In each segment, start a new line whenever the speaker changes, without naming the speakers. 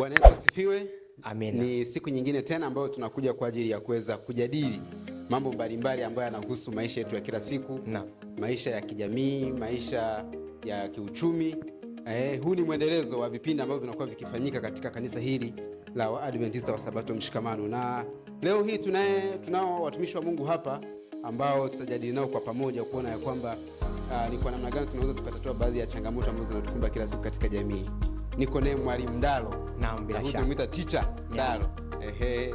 Bwana Yesu asifiwe. Amina. Ni siku nyingine tena ambayo tunakuja kwa ajili ya kuweza kujadili mambo mbalimbali ambayo yanahusu maisha yetu ya kila siku na maisha ya kijamii, maisha ya kiuchumi. Eh, huu ni mwendelezo wa vipindi ambavyo vinakuwa vikifanyika katika kanisa hili la Waadventista wa Sabato Mshikamano, na leo hii tunaye tunao watumishi wa Mungu hapa ambao tutajadili nao kwa pamoja kuona ya kwamba uh, ni kwa namna gani tunaweza tukatatua baadhi ya changamoto ambazo zinatukumba kila siku katika jamii niko naye mwalimu Ndaro, naam, ticha shaka yeah. ehe,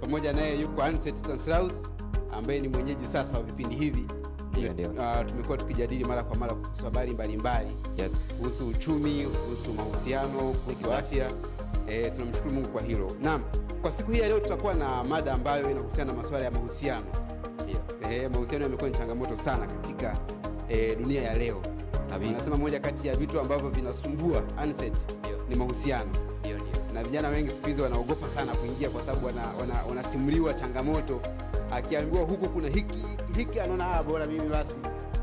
pamoja naye yuko Anset Stanislaus ambaye ni mwenyeji sasa wa vipindi hivi.
Uh,
tumekuwa tukijadili mara kwa mara kuhusu habari mbalimbali kuhusu yes, uchumi, kuhusu mahusiano, kuhusu afya. E, tunamshukuru Mungu kwa hilo. Naam, kwa siku hii ya leo tutakuwa na mada ambayo inahusiana na masuala ya mahusiano. E, mahusiano yamekuwa ni changamoto sana katika e, dunia ya leo kabisa. Nasema moja kati ya vitu ambavyo vinasumbua Anset ni mahusiano. Na vijana wengi siku hizi wanaogopa sana kuingia kwa sababu wanasimuliwa wana, wana changamoto, akiambiwa huku kuna hiki hiki anaona ah, bora mimi basi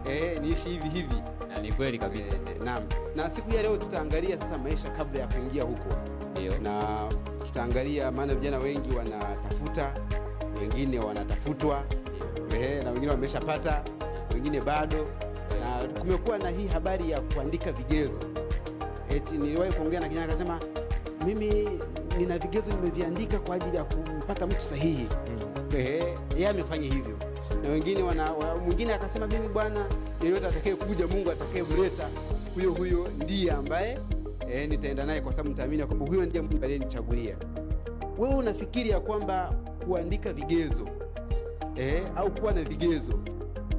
eh, niishi hivi hivi.
Na ni kweli kabisa. E,
eh, na, Na siku ya leo tutaangalia sasa maisha kabla ya kuingia huko. Ndio. Na tutaangalia maana vijana wengi wanatafuta, wengine wanatafutwa, eh, na wengine wameshapata, wengine bado kumekuwa na hii habari ya kuandika vigezo. Eti niliwahi kuongea na kijana akasema, mimi nina vigezo nimeviandika kwa ajili ya kumpata mtu sahihi. Mm. Yeye amefanya hivyo na wengine wana, mwingine akasema mimi bwana, yeyote atakaye kuja Mungu mleta huyo huyo ndiye ambaye e, nitaenda naye kwa sababu nitaamini kwamba huyo ndiye Mungu aliyenichagulia. Wewe unafikiri ya kwamba kuandika vigezo e, au kuwa na vigezo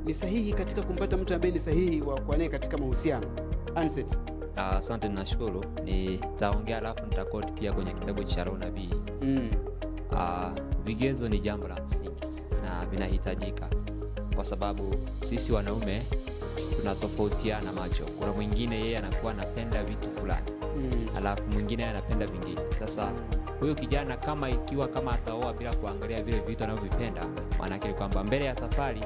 ni sahihi katika kumpata mtu ambaye ni sahihi wa kuwa naye katika mahusiano? Anseti.
Asante uh, nashukuru. Nitaongea alafu nitakoti pia kwenye kitabu cha Roho Nabii. mm. Uh, vigezo ni jambo la msingi na vinahitajika kwa sababu sisi wanaume tunatofautiana macho. Kuna mwingine yeye anakuwa anapenda vitu fulani mm. alafu mwingine anapenda vingine. Sasa huyo kijana kama ikiwa kama ataoa bila kuangalia vile vitu anavyovipenda, maanake kwamba mbele ya safari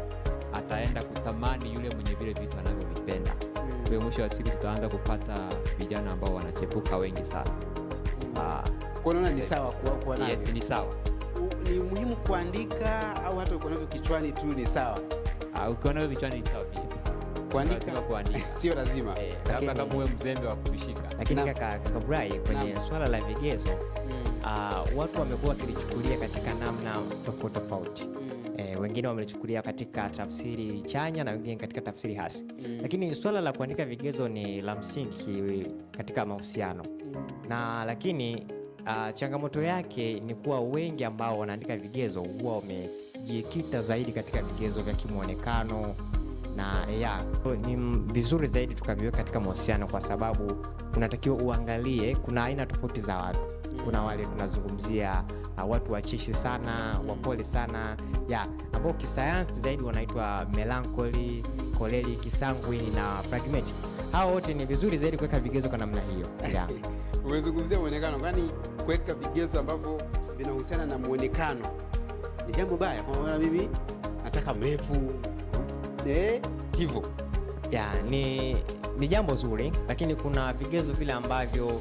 ataenda kutamani yule mwenye vile vitu anavyovipenda. Hmm. Kwa hiyo mwisho wa siku tutaanza kupata vijana ambao wanachepuka wengi sana. Hmm.
Ah. Naona ni sawa kuwa navyo. Yes, ni sawa. Ni muhimu kuandika au hata uko navyo kichwani tu ni sawa?
Ah, ukiwa navyo kichwani ni sawa pia.
Kuandika sio lazima, eh,
labda kama uwe mzembe wa kushika. Lakini kaka Kabrai, kwenye swala la vigezo,
hmm.
ah, watu wamekuwa wakilichukulia katika namna tofauti tofauti. Eh, wengine wamelichukulia katika tafsiri chanya na wengine katika tafsiri hasi mm. Lakini swala la kuandika vigezo ni la msingi katika mahusiano mm. Na lakini uh, changamoto yake ni kuwa wengi ambao wanaandika vigezo huwa wamejikita zaidi katika vigezo vya kimwonekano na ya ni vizuri zaidi tukaviweka katika mahusiano, kwa sababu unatakiwa uangalie kuna aina tofauti za watu kuna wale tunazungumzia uh, watu wacheshi sana, wapole sana yeah, ambao kisayansi zaidi wanaitwa melancholy, koleli kisanguini na pragmatic. Hao wote ni vizuri zaidi kuweka vigezo kwa namna hiyo yeah.
Umezungumzia muonekano, kwani kuweka vigezo ambavyo vinahusiana na muonekano ni jambo baya, kwa maana mimi nataka mrefu eh, hivyo
yeah, ni, ni jambo zuri, lakini kuna vigezo vile ambavyo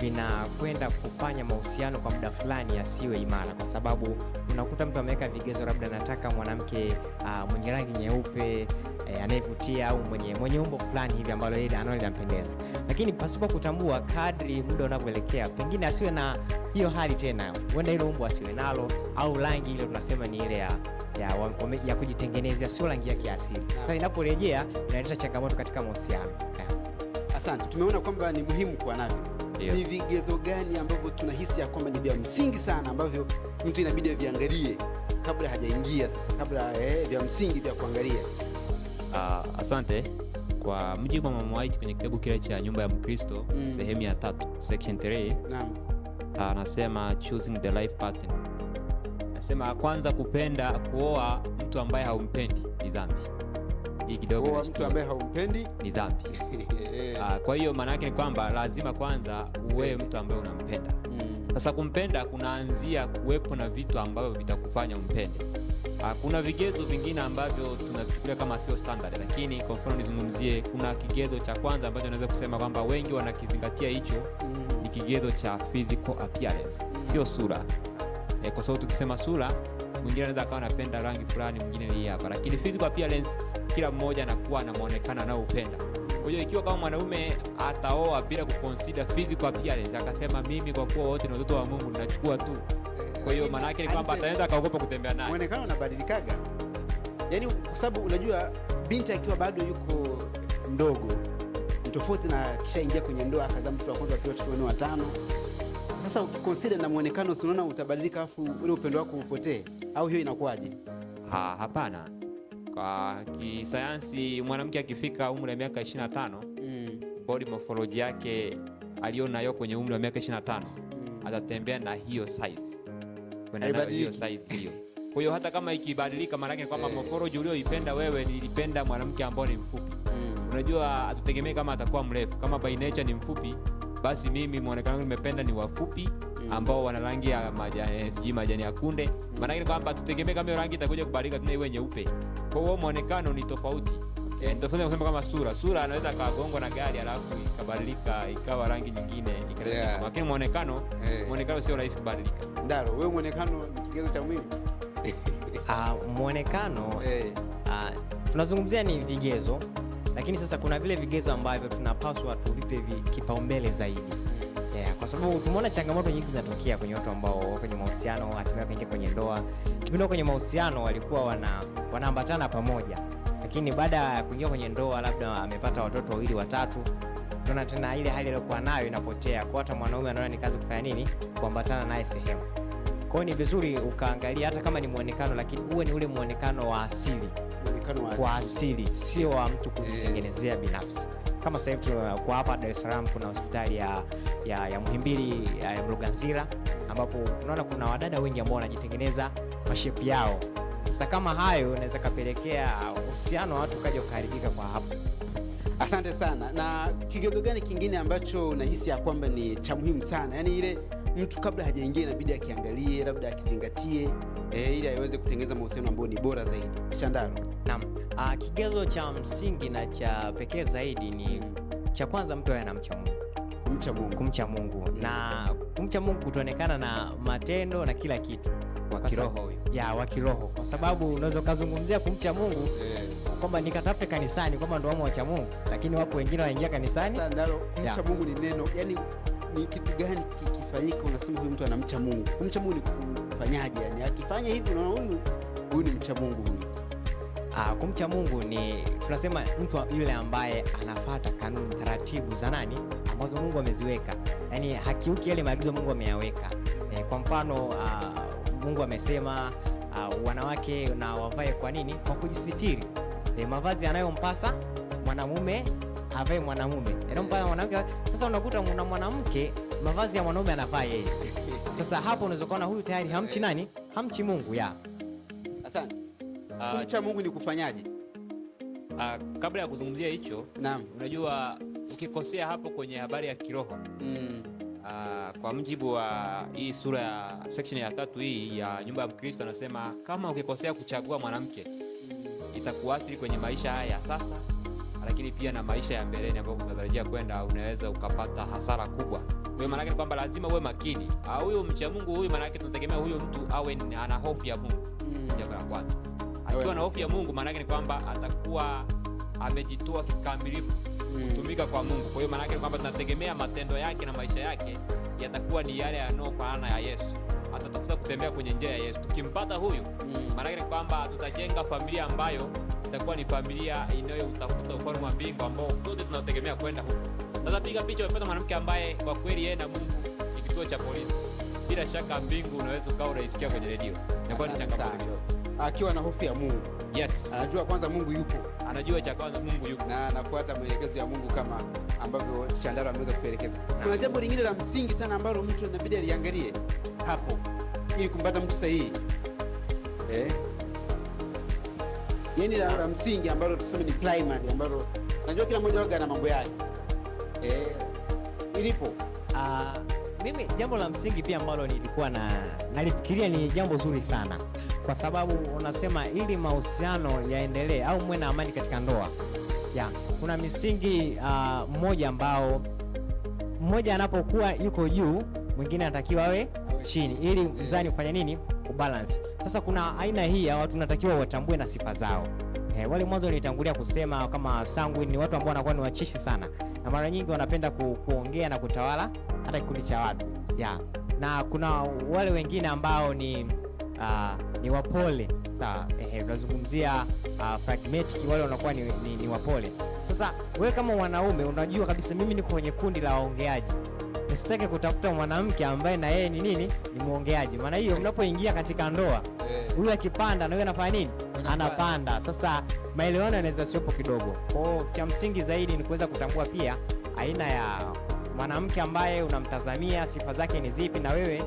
vinakwenda kufanya mahusiano kwa muda fulani yasiwe imara, kwa sababu unakuta mtu ameweka vigezo, labda anataka mwanamke uh, mwenye rangi nyeupe eh, anayevutia au mwenye, mwenye umbo fulani hivi ambalo yeye anaona linampendeza, lakini pasipo kutambua, kadri muda unavyoelekea, pengine asiwe na hiyo hali tena, huenda hilo umbo asiwe nalo au rangi ile tunasema ni ile ya ya, wame, ya kujitengenezea sio rangi yake asili. Ah. Sasa inaporejea inaleta changamoto katika mahusiano.
Asante, tumeona kwamba ni muhimu kuwa navyo ni vigezo gani ambavyo tunahisi ya kwamba ni vya msingi sana ambavyo mtu inabidi aviangalie kabla hajaingia sasa, kabla eh, vya msingi vya kuangalia?
Uh, asante kwa mjibu wa Mama White kwenye kitabu kile cha Nyumba ya Mkristo mm. sehemu ya tatu section 3 naam, ah, anasema choosing the life partner, anasema kwanza, kupenda kuoa mtu ambaye haumpendi ni dhambi hii kidogo,
mtu ambaye haumpendi
ni dhambi. Ah, kwa hiyo maana yake ni kwamba lazima kwanza uwe eh. mtu ambaye unampenda. Mm. Sasa kumpenda kunaanzia kuwepo na vitu ambavyo vitakufanya umpende. Ah, kuna vigezo vingine ambavyo tunavichukulia kama sio standard, lakini kwa mfano nizungumzie, kuna kigezo cha kwanza ambacho naweza kusema kwamba wengi wanakizingatia hicho mm. Ni kigezo cha physical appearance, mm. sio sura e, kwa sababu tukisema sura mwingine anaweza akawa anapenda rangi fulani, mwingine ni hapa, lakini physical appearance kila mmoja anakuwa na muonekano anaoupenda. Kwa hiyo ikiwa kama mwanaume ataoa bila kuconsider physical appearance, akasema mimi kwa kuwa wote ni watoto wa Mungu ninachukua tu, kwa hiyo maana yake ni kwamba ataenda akaogopa kutembea naye.
Muonekano unabadilikaga, yaani kwa sababu unajua binti akiwa bado yuko mdogo tofauti na kishaingia kwenye ndoa akazaa mtoto wa kwanza, pili, watoto wanne, watano sasa ukikonsida na muonekano, si unaona utabadilika, afu ule upendo wako upotee, au hiyo inakuwaje?
Ha, hapana. Kwa kisayansi mwanamke akifika umri wa miaka 25, mm. body morphology yake alionayo kwenye umri wa miaka 25 mm. atatembea na hiyo size, hiyo size hiyo kwa hiyo hata kama ikibadilika, maana yake kwamba eh. morphology ulioipenda wewe, nilipenda mwanamke ambaye ni mfupi. Mm. Unajua, atutegemee kama atakuwa mrefu. Kama by nature ni mfupi, basi mimi muonekano wangu nimependa ni wafupi mm. ambao wana rangi ya majani, eh, sijui majani ya kunde. Mm. Maana yake kwamba tutegemee kama hiyo rangi itakuja kubadilika tena iwe nyeupe. Kwa hiyo muonekano ni tofauti. Okay. Eh, kusema kama sura. Sura anaweza kagongwa na gari alafu ikabadilika ikawa rangi nyingine ikabadilika. Yeah. Lakini muonekano, hey, muonekano sio rahisi kubadilika.
Ndaro, wewe muonekano ni kigezo cha mwili?
Ah, muonekano eh, hey, ah, tunazungumzia ni vigezo lakini sasa kuna vile vigezo ambavyo tunapaswa tuvipe kipaumbele zaidi yeah, kwa sababu tumeona changamoto nyingi zinatokea kwenye watu ambao wako kwenye mahusiano hatimaye kuingia kwenye ndoa. Kipindi kwenye mahusiano walikuwa wana wanaambatana pamoja, lakini baada ya kuingia kwenye ndoa, labda amepata watoto wawili watatu tunaona tena ile hali aliyokuwa nayo inapotea, kwa hata mwanaume anaona ni kazi kufanya nini, kuambatana naye sehemu. kwao ni vizuri ukaangalia hata kama ni mwonekano lakini uwe ni ule mwonekano wa asili muonekano wa asili, sio wa mtu kujitengenezea binafsi kama sasa hivi tunakuwa hapa Dar es Salaam kuna hospitali ya, ya, ya Muhimbili ya, ya Mloganzila ambapo tunaona kuna wadada wengi ambao wanajitengeneza mashepu yao. Sasa kama hayo inaweza kapelekea uhusiano wa watu kaja ukaharibika kwa hapo.
Asante sana. Na kigezo gani kingine ambacho unahisi ya kwamba ni cha muhimu sana, yaani ile mtu kabla hajaingia inabidi akiangalie, labda akizingatie e, ili aweze kutengeneza mahusiano ambayo ni bora zaidi. Chandaro,
naam. Uh, kigezo cha msingi na cha pekee zaidi ni cha kwanza, mtu awe anamcha Mungu, kumcha Mungu, kumcha Mungu na kumcha Mungu kutaonekana na matendo na kila kitu
wa kiroho
ya wa kiroho, kwa sababu unaweza ukazungumzia kumcha Mungu yeah, kwamba nikatafute kanisani kwamba ndo wamo wacha Mungu, lakini wako wengine wanaingia kanisani.
Mcha Mungu ni neno, yani ni kitu gani kikifanyika unasema huyu mtu anamcha Mungu? Mcha Mungu ni kufanyaje? Yani akifanya hivi unaona huyu huyu ni mcha Mungu huyu.
Ah, kumcha Mungu ni tunasema mtu yule ambaye anafata kanuni taratibu za nani ambazo Mungu ameziweka, yaani hakiuki yale maagizo Mungu ameyaweka. E, kwa mfano uh, Mungu amesema ah, wanawake na wavae kwa nini? Kwa kujisitiri. E, mavazi anayompasa mwanamume avae mwanamume, anaomba yaani mwanamke. Sasa unakuta na mwanamke mavazi ya mwanaume anavaa yeye. Sasa hapo unaweza kuona huyu tayari hamchi nani, hamchi Mungu ya.
Asante. Uh, kumcha Mungu ni kufanyaje?
Uh, kabla ya kuzungumzia hicho, naam, unajua ukikosea hapo kwenye habari ya kiroho mm. Uh, kwa mjibu wa hii sura ya section ya tatu hii ya nyumba ya Mkristo anasema kama ukikosea kuchagua mwanamke itakuathiri kwenye maisha haya sasa lakini pia na maisha ya mbeleni ambayo unatarajia kwenda, unaweza ukapata hasara kubwa. Kwa maana yake ni kwamba lazima uwe makini. Ah, huyo mcha Mungu huyu, maana yake tunategemea huyo mtu awe ana hofu ya Mungu. Mm. Jambo la kwanza, akiwa na hofu ya Mungu, maana yake ni kwamba atakuwa amejitoa kikamilifu mm. kutumika kwa Mungu. Kwa hiyo maana yake ni kwamba tunategemea matendo yake na maisha yake yatakuwa ni yale yanayofanana ya Yesu atatafuta kutembea kwenye njia ya Yesu. Tukimpata huyu mm, maana ni kwamba tutajenga familia ambayo itakuwa ni familia utafuta ufalme wa mbingu ambao sote tunategemea kwenda huko. Sasa piga picha, umepata mwanamke ambaye kwa kweli yeye na Mungu ni kituo cha polisi. Bila shaka mbingu unaweza ukawa unaisikia kwenye redio, inakuwa ni changamoto
akiwa na hofu ya Mungu. Yes. Anajua kwanza Mungu yupo.
Anajua cha kwanza Mungu yupo.
Na anafuata maelekezo ya Mungu kama ambavyo Chandara ameweza kuelekeza. Kuna jambo lingine la msingi sana ambalo mtu inabidi aliangalie hapo ili kumpata mtu sahihi. Eh? Yaani la, la msingi ambalo tuseme ni primary ambalo najua kila mmoja wake ana mambo yake. Eh? Ilipo.
Ah mimi jambo la msingi pia ambalo nilikuwa na nalifikiria ni jambo zuri sana, kwa sababu unasema ili mahusiano yaendelee au mwe na amani katika ndoa ya kuna misingi uh, ah, mmoja ambao mmoja anapokuwa yuko juu mwingine anatakiwa awe chini ili mzani ufanye nini kubalance. Sasa kuna aina hii ya watu natakiwa watambue na sifa zao. Eh, wale mwanzo nilitangulia kusema kama sangwi ni watu ambao wanakuwa ni wachishi sana na mara nyingi wanapenda ku, kuongea na kutawala hata kikundi cha watu yeah. Na kuna wale wengine ambao ni uh, ni wapole sawa, ehe, tunazungumzia uh, pragmatic, wale wanakuwa ni, ni, ni wapole. Sasa wewe kama mwanaume unajua kabisa mimi niko kwenye kundi la waongeaji, usitake kutafuta mwanamke ambaye na yeye ni nini, ni mwongeaji. Maana hiyo mnapoingia katika ndoa eh. huyu akipanda na wewe anafanya nini, anapanda. Sasa maelewano yanaweza siopo kidogo. Kwa cha msingi zaidi ni kuweza kutambua pia aina ya mwanamke ambaye unamtazamia sifa zake ni zipi, na wewe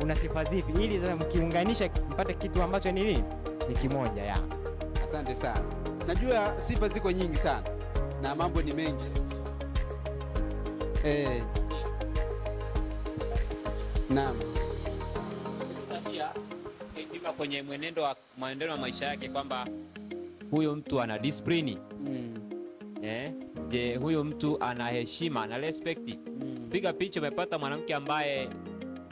una sifa zipi, ili sasa mkiunganisha mpate kitu ambacho ni nini, ni kimoja ya.
Asante sana, najua sifa ziko nyingi sana na mambo ni mengi eh. Naam,
tabia hekima kwenye mwenendo wa mwenendo wa maisha yake kwamba huyo mtu ana discipline mm eh? Je, huyu mtu ana heshima, na respect? Mm. Piga picha, umepata mwanamke ambaye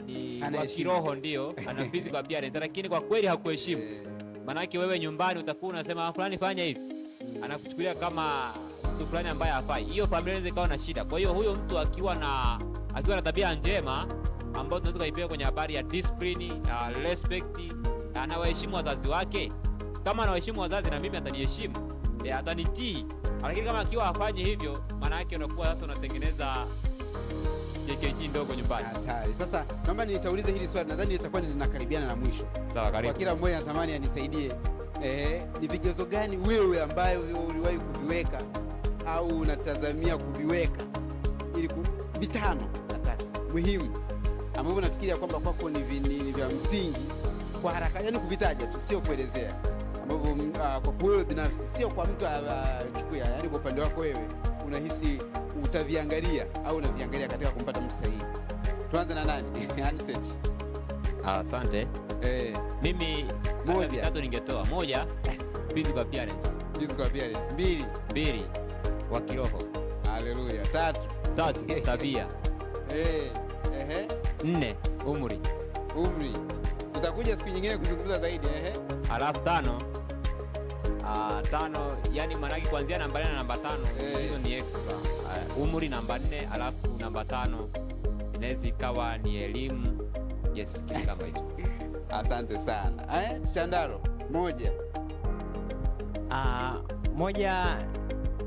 ni wa kiroho, ndio ana physical appearance, lakini kwa kweli hakuheshimu. Eh. Maanake wewe nyumbani utakuwa unasema ah, fulani fanya hivi, Mm. anakuchukulia kama mtu fulani ambaye hafai. Hiyo familia inaweza ikawa na shida. Kwa hiyo huyo mtu akiwa na akiwa na tabia njema ambayo tunaweza kuipea kwenye habari ya discipline, uh, respect, anawaheshimu wazazi wake. Kama anawaheshimu wazazi, na mimi ataniheshimu, Yeah, atanitii. Lakini kama akiwa afanye hivyo, maana yake unakuwa sasa unatengeneza JKT ndogo nyumbani.
Hatari. Sasa naomba nitaulize hili swali, nadhani litakuwa linakaribiana na mwisho. Sawa, karibu. Kwa kila mmoja anatamani anisaidie. Eh, ni vigezo gani wewe ambayo uliwahi kuviweka au unatazamia kuviweka ili vitano muhimu ambavyo nafikiria kwamba kwako ni vya msingi kwa haraka, yani kuvitaja tu, sio kuelezea ambavyo kwa ah, kwako wewe binafsi, sio kwa mtu ah, achukua, ah, yaani kwa upande wako wewe unahisi utaviangalia au unaviangalia katika kumpata mtu sahihi? Tuanze na nani? Anset.
Asante. Eh, mimi moja tatu ningetoa moja, physical appearance.
Physical appearance. Mbili.
Mbili. Wa kiroho.
Haleluya. Tatu.
Tatu, tabia.
Eh, ehe.
Nne, umri.
Umri. Tutakuja siku nyingine kuzungumza zaidi, ehe.
Alafu tano Ah, tano, yani manake kuanzia namba nne na namba tano eh. hizo ni extra ah, umri namba nne alafu namba tano inaweza ikawa ni elimu. Yes, kitu kama hicho.
Asante sana eh, Chandaro moja
uh, moja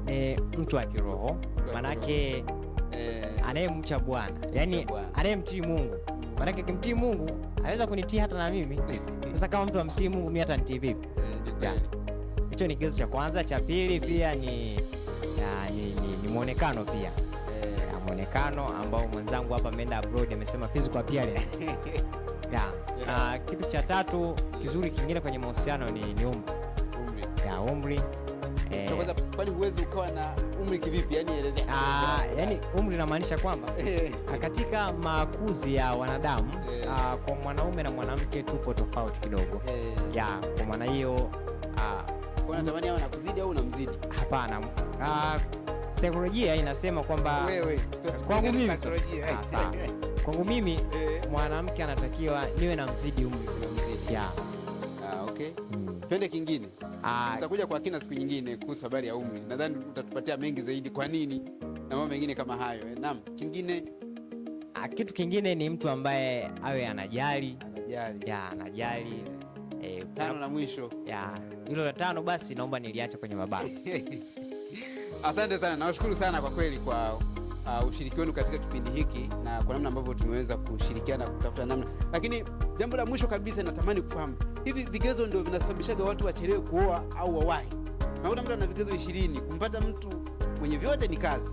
eh, mtu wa kiroho manake eh, anayemcha Bwana yani anayemtii Mungu manake kimtii Mungu anaweza kunitii hata na mimi sasa. Kama mtu amtii Mungu mimi hata nitii vipi? Eh, hicho ni kigezo cha kwanza. Cha pili pia ni, ya, ni, ni, ni mwonekano pia e, mwonekano ambao mwenzangu hapa ameenda abroad amesema physical appearance yeah. Na ah, kitu cha tatu kizuri kingine kwenye mahusiano ni, ni umri ya umri
eh, huwezi ukawa na umri kivipi? Yani elezea.
Ah, yani umri namaanisha kwamba eh. ah, katika makuzi ya wanadamu yeah. Eh. kwa mwanaume na mwanamke tupo tofauti kidogo ya kwa maana hiyo ah,
unatamani awe anakuzidi au unamzidi?
Hapana. Uh, saikolojia inasema kwamba wewe, kwangu mimi ah, kwangu mimi eh. mwanamke anatakiwa niwe na mzidi umri, Mzidi. yeah.
Ah, okay. Mm. Twende kingine. Ah. Tutakuja kwa kina siku nyingine kuhusu habari ya umri, nadhani utatupatia mengi zaidi, kwa nini na mambo mengine kama hayo. Eh, naam, kingine
kitu kingine ni mtu ambaye awe anajali, anajali. Ya, anajali
e, tano na mwisho
ya hilo la tano, basi naomba niliacha kwenye mabano
asante sana, nawashukuru sana kwa kweli kwa Uh, ushiriki wenu katika kipindi hiki na kwa namna ambavyo tumeweza kushirikiana kutafuta namna. Lakini jambo la mwisho kabisa, natamani kufahamu hivi vigezo ndio vinasababishaga watu wachelewe kuoa au wawahi? Nakuta mtu ana vigezo ishirini, kumpata mtu mwenye vyote ni kazi.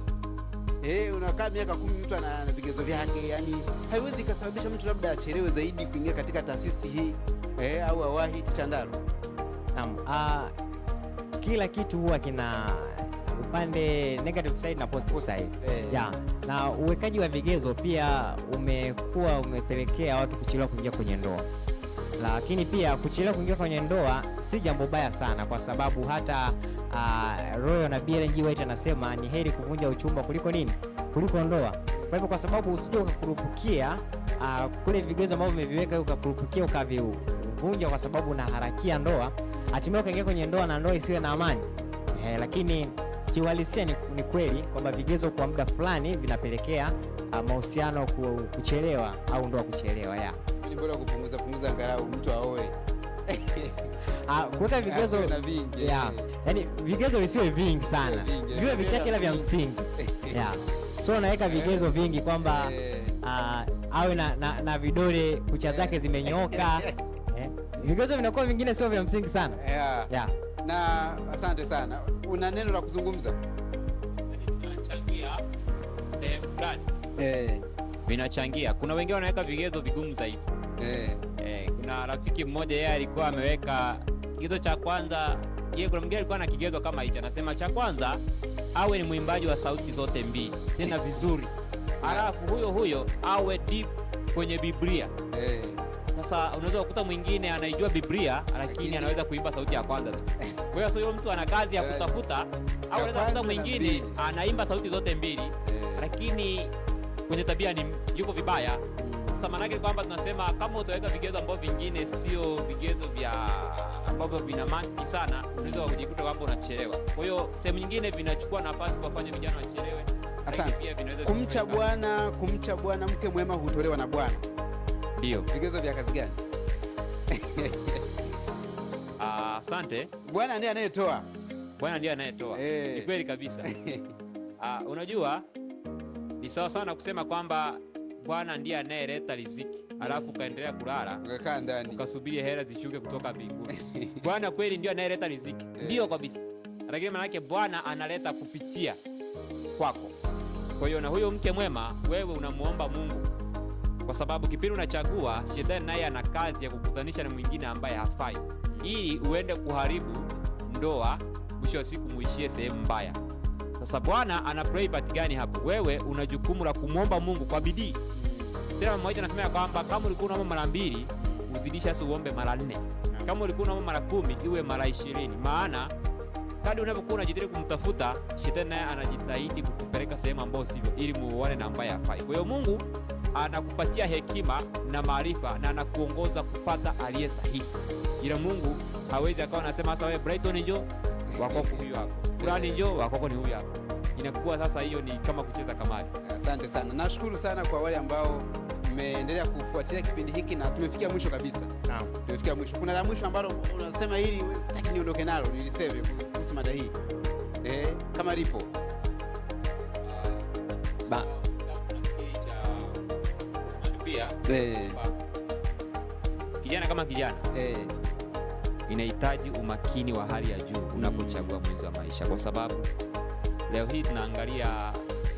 Eh, unakaa miaka kumi, mtu ana vigezo vyake, yani haiwezi ikasababisha mtu labda achelewe zaidi kuingia katika taasisi hii e, au awahi Chandarua.
Naam, uh, kila kitu huwa kina upande negative side na positive side. Eh. Yeah. Na uwekaji wa vigezo pia umekuwa umepelekea watu kuchelewa kuingia kwenye ndoa, lakini pia kuchelewa kuingia kwenye ndoa si jambo baya sana, kwa sababu hata uh, Royal na BLG White anasema ni heri kuvunja uchumba kuliko nini, kuliko ndoa. Kwa hivyo, kwa sababu usije ukakurupukia uh, kule vigezo ambavyo umeviweka ukakurupukia ukaviu unaivunja kwa sababu unaharakia ndoa, hatimaye ukaingia kwenye ndoa na ndoa isiwe na amani eh, lakini kiuhalisia ni, ni kweli kwamba vigezo kwa muda fulani vinapelekea uh, mahusiano kuchelewa au ndoa kuchelewa ya
bora kupunguza punguza angalau mtu aoe
ah, kuweka vigezo yeah. Yani vigezo visiwe vingi sana viwe vichache ila vya msingi ya So unaweka vigezo vingi kwamba uh, awe na, na, na vidole kucha zake zimenyoka vigezo vinakuwa vingine sio vya msingi sana. Yeah. Yeah.
Na asante sana. Una neno la kuzungumza?
Vinachangia eh. Kuna wengine wanaweka vigezo vigumu zaidi. Eh. eh. kuna rafiki mmoja yeye alikuwa ameweka kigezo cha kwanza yeye, kuna mwingine alikuwa na kigezo kama hicho, anasema cha kwanza awe ni mwimbaji wa sauti zote mbili tena vizuri, alafu huyo huyo awe deep kwenye Biblia. hey. Eh. Sasa unaweza kukuta mwingine anaijua Biblia lakini anaweza kuimba sauti ya kwanza tu. Kwa hiyo sio mtu ana kazi ya eh. kutafuta, au anaweza kukuta mwingine anaimba sauti zote mbili eh. lakini kwenye tabia ni yuko vibaya. Hmm. Sasa maana yake kwamba tunasema kama utaweka vigezo ambavyo vingine sio vigezo vya ambavyo vina mantiki sana, unaweza hmm. kujikuta kwamba unachelewa. Kwa hiyo sehemu nyingine vinachukua nafasi kufanya vijana wachelewe.
Asante. Kumcha Bwana, kumcha Bwana, mke mwema hutolewa na Bwana.
Ndio. Vigezo
vya kazi gani?
Ah, asante.
Uh, Bwana ndiye anayetoa.
Bwana ndiye anayetoa. Hey. Eh. Ni kweli kabisa. Uh, unajua ni sawa sana kusema kwamba Bwana ndiye anayeleta riziki, alafu ukaendelea kulala
ukakaa ndani
ukasubiri hela zishuke kutoka mbinguni. Bwana kweli ndiyo anayeleta riziki, eh. ndiyo kabisa, lakini maana yake Bwana analeta kupitia kwako. Kwa hiyo na huyo mke mwema, wewe unamuomba Mungu kwa sababu kipindi unachagua, shetani naye ana kazi ya kukutanisha na mwingine ambaye hafai, ili uende kuharibu ndoa, mwisho wa siku muishie sehemu mbaya. Sasa Bwana ana play part gani hapo? Wewe una jukumu la kumwomba Mungu kwa bidii. Tena mmoja anasema ya kwamba kama ulikuwa unaomba mara mbili, uzidisha sasa uombe mara nne. Kama ulikuwa unaomba mara kumi, iwe mara ishirini, maana kadri unavyokuwa unajitahidi kumtafuta, shetani naye anajitahidi kukupeleka sehemu ambayo sivyo, ili muone na ambaye hafai. Kwa hiyo Mungu anakupatia hekima na maarifa na anakuongoza kupata aliye sahihi. Ila Mungu hawezi akawa anasema sasa, wewe Brighton njoo, wakoko huyu hapo, Fulani njoo, wakoko ni huyu hapo. Inakuwa sasa hiyo ni kama kucheza kamari.
Asante sana, nashukuru sana kwa wale ambao mmeendelea kufuatilia kipindi hiki na tumefikia mwisho kabisa. Naam, tumefikia mwisho. Kuna la mwisho ambalo unasema hili sitaki niondoke nalo, niliseme kuhusu mada hii eh, kama lipo
Eh. Kijana kama kijana hey. Eh. Inahitaji umakini wa hali ya juu unapochagua mwenzi wa maisha, kwa sababu leo hii tunaangalia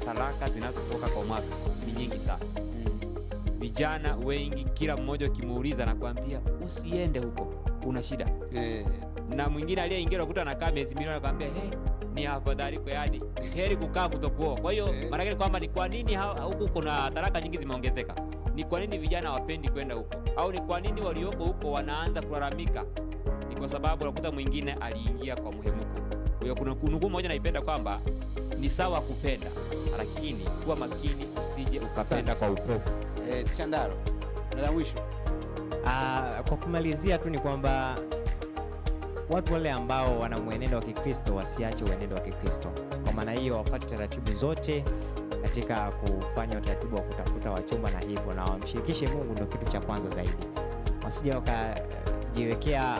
talaka zinazotoka kwa mwaka ni nyingi sana. Mm. Vijana wengi, kila mmoja ukimuuliza nakwambia usiende huko, una shida hey. Eh. Na mwingine aliyeingia nakuta anakaa miezi miwili anakwambia hey, ni afadhali kwa yaani heri kukaa kutokuoa. Kwa hiyo hey. maana yake kwamba ni kwa nini huku kuna talaka nyingi zimeongezeka? Ni kwa nini vijana wapendi kwenda huko, au ni kwa nini walioko huko wanaanza kulalamika? Ni kwa sababu unakuta mwingine aliingia kwa muhimuko. Kwa hiyo kuna nukuu moja naipenda kwamba ni sawa kupenda, lakini kuwa makini usije ukapenda kwa upofu.
Eh, Tandaro, na mwisho
ah, kwa kumalizia tu ni kwamba watu wale ambao wana mwenendo wa Kikristo wasiache mwenendo wa Kikristo. Kwa maana hiyo, wafuate taratibu zote katika kufanya utaratibu wa kutafuta wachumba na hivyo, na wamshirikishe Mungu, ndio kitu cha kwanza zaidi. Wasije wakajiwekea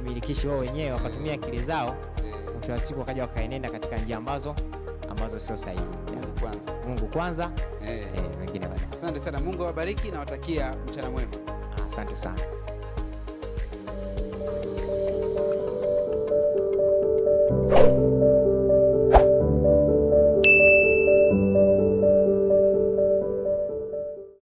umilikishi wao wenyewe wakatumia akili zao, mwisho wa siku wakaja wakaenenda katika njia ambazo ambazo sio sahihi.
Mungu kwanza,
Mungu kwanza, eh, eh wengine baadaye.
Asante sana, Mungu awabariki na watakia mchana mwema.
Asante sana.